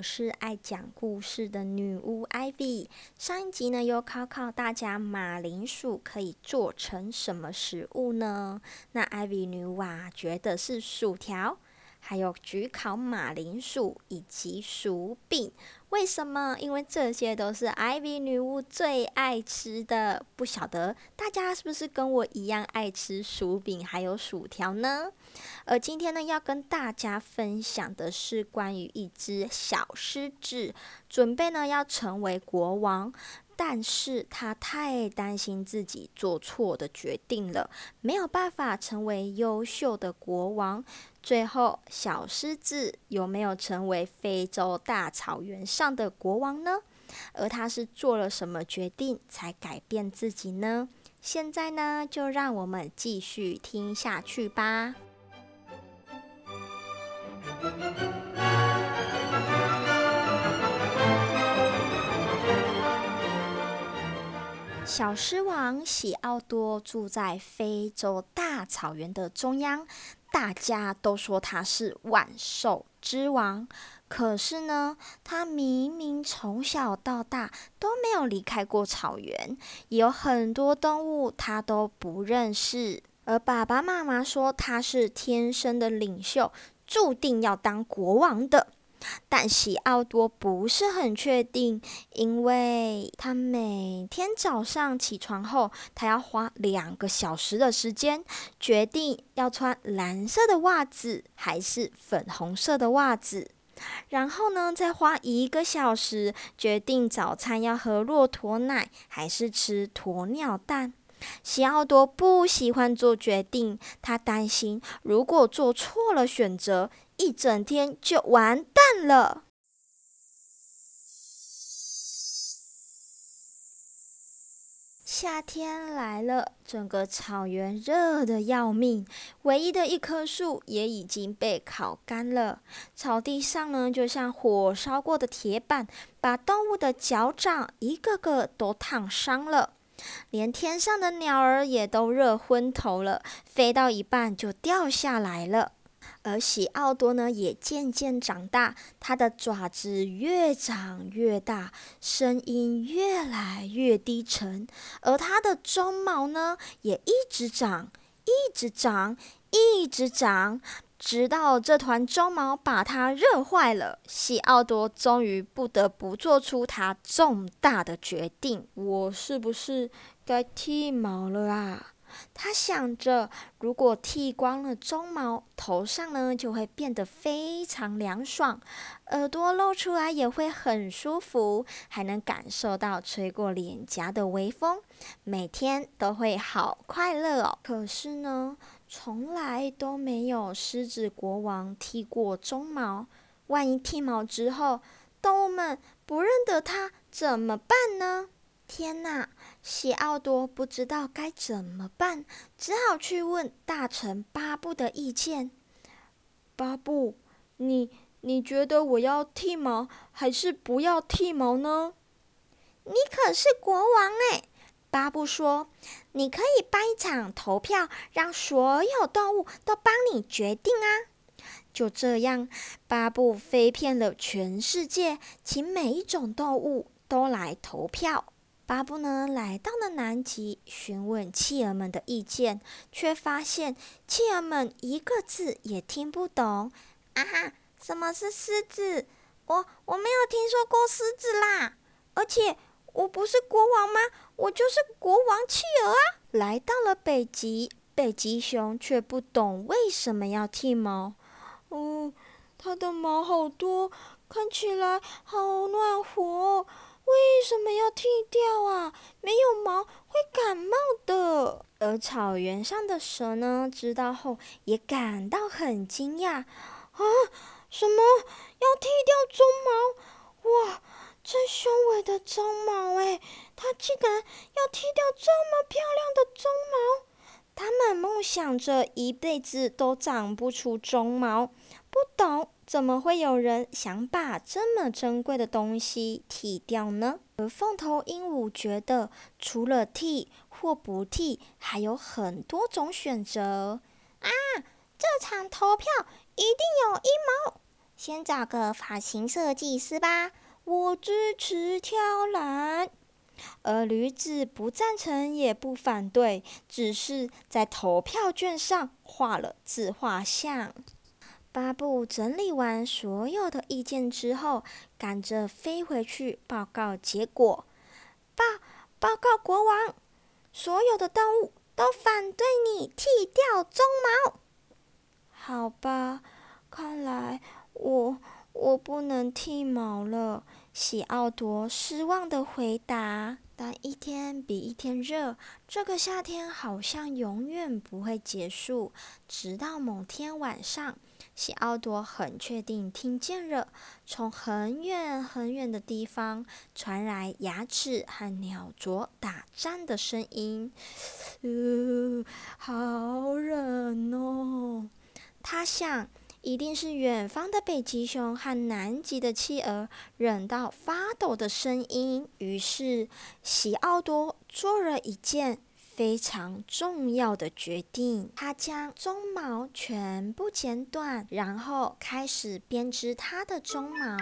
我是愛講故事的女巫 Ivy，上一集呢又考考大家馬鈴薯可以做成什麼食物呢？那 Ivy 女巫啊覺得是薯條。還有焗烤馬鈴薯以及薯餅，為什麼？因為這些都是 IVY 女巫最愛吃的。不曉得大家是不是跟我一樣愛吃薯餅還有薯條呢？而今天呢，要跟大家分享的是關於一隻小獅子準備呢，要成為國王。但是他太擔心自己做錯的決定了，沒有辦法成為優秀的國王。最後，小獅子有沒有成為非洲大草原上的國王呢？而他是做了什麼決定才改變自己呢？現在呢，就讓我們繼續聽下去吧。小獅王西奧多住在非洲大草原的中央，大家都說他是萬獸之王。可是呢，他明明從小到大都沒有離開過草原，也有很多動物他都不認識。而爸爸媽媽說他是天生的領袖，注定要當國王的。但西奧多不是很確定，因為他每天早上起床後，他要花兩個小時的時間決定要穿藍色的襪子還是粉紅色的襪子，然後呢，再花一個小時決定早餐要喝駱駝奶還是吃鴕鳥蛋。西奧多不喜歡做決定，他擔心如果做錯了選擇，一整天就完蛋了。夏天來了，整個草原熱得要命，唯一的一棵樹也已經被烤乾了。草地上呢，就像火燒過的鐵板，把動物的腳掌一個個都燙傷了。連天上的鳥兒也都熱昏頭了，飛到一半就掉下來了。而西奧多呢，也漸漸長大，他的爪子越長越大，聲音越來越低沉，而他的鬃毛呢，也一直長，一直長，一直長。直到這團鬃毛把它熱壞了，西奧多終於不得不做出他重大的決定：我是不是該剃毛了啊？他想着，如果剃光了鬃毛，頭上呢就會變得非常涼爽，耳朵露出來也會很舒服，還能感受到吹過臉頰的微風，每天都會好快樂哦。可是呢？從來都沒有獅子國王剃過鬃毛，萬一剃毛之後，動物們不認得他怎麼辦呢？天哪，西奧多不知道該怎麼辦，只好去問大臣巴布的意見。巴布，你你覺得我要剃毛還是不要剃毛呢？你可是國王哎。巴布說：“你可以辦一場投票，讓所有動物都幫你決定啊！”就這樣，巴布飛遍了全世界，請每一種動物都來投票。巴布呢，來到了南極，詢問企鵝們的意見，卻發現企鵝們一個字也聽不懂。“啊哈，什麼是獅子？我我沒有聽說過獅子啦！”而且。我不是國王嗎？我就是國王企鵝啊！來到了北極，北極熊卻不懂為什麼要剃毛。嗯，它的毛好多，看起來好暖和，為什麼要剃掉啊？沒有毛會感冒的。而草原上的蛇呢，知道後也感到很驚訝。啊，什麼要剃掉鬃毛？哇！這雄偉的鬃毛哎，他竟然要剃掉這麼漂亮的鬃毛！他們夢想着一輩子都長不出鬃毛，不懂怎麼會有人想把這麼珍貴的東西剃掉呢？而鳳頭鸚鵡覺得，除了剃或不剃，還有很多種選擇啊！這場投票一定有陰謀，先找個髮型設計師吧。我支持挑藍，而驢子不贊成也不反對，只是在投票券上畫了自畫像。巴布整理完所有的意見之後，趕着飛回去報告結果。報報告國王，所有的動物都反對你剃掉鬃毛。好吧，看來我我不能剃毛了。西奧多失望地回答：“但一天比一天熱，這個夏天好像永遠不會結束。”直到某天晚上，西奧多很確定聽見了，從很遠很遠的地方傳來牙齒和鳥啄打戰的聲音。嗚、呃，好冷哦！他想。一定是遠方的北極熊和南極的企鵝，忍到發抖的聲音。於是，西奧多做了一件非常重要的決定：他將鬃毛全部剪斷，然後開始編織他的鬃毛。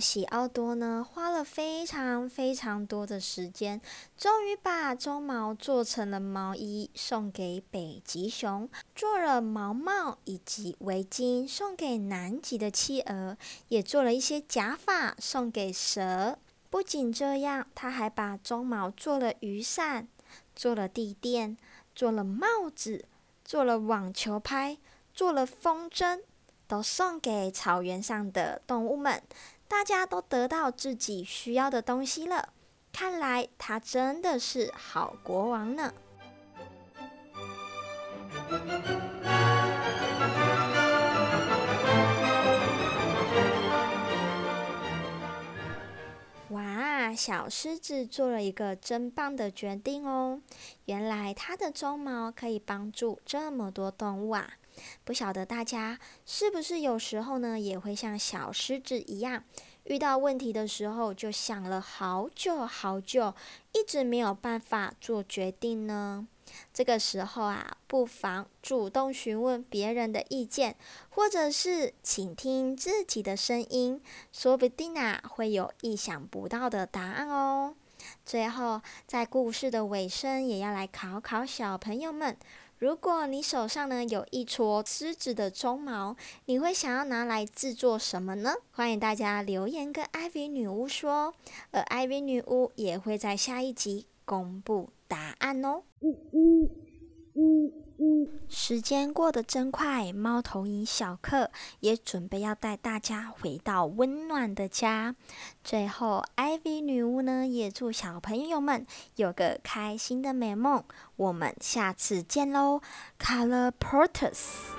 西奧多呢，花了非常非常多的時間，終於把鬃毛做成了毛衣，送給北極熊；做了毛帽以及圍巾，送給南極的企鵝；也做了一些假髮，送給蛇。不僅這樣，他還把鬃毛做了雨傘，做了地墊，做了帽子，做了網球拍，做了風箏，都送給草原上的動物們。大家都得到自己需要的東西了，看來他真的是好國王呢。哇，小獅子做了一個真棒的決定哦！原來它的鬃毛可以幫助這麼多動物啊！不曉得大家是不是有時候呢，也會像小獅子一樣，遇到問題的時候就想了好久好久，一直沒有辦法做決定呢？這個時候啊，不妨主動詢問別人的意見，或者是傾聽自己的聲音，說不定啊會有意想不到的答案哦。最後，在故事的尾聲，也要來考考小朋友們。如果你手上呢有一撮獅子的鬃毛，你會想要拿來製作什麼呢？歡迎大家留言跟艾薇女巫說，而艾薇女巫也會在下一集公布答案哦。呃呃呃時間過得真快，貓頭鷹小克也準備要帶大家回到溫暖的家。最後，艾薇女巫呢也祝小朋友們有個開心的美夢。我們下次見嘍，Colloportus。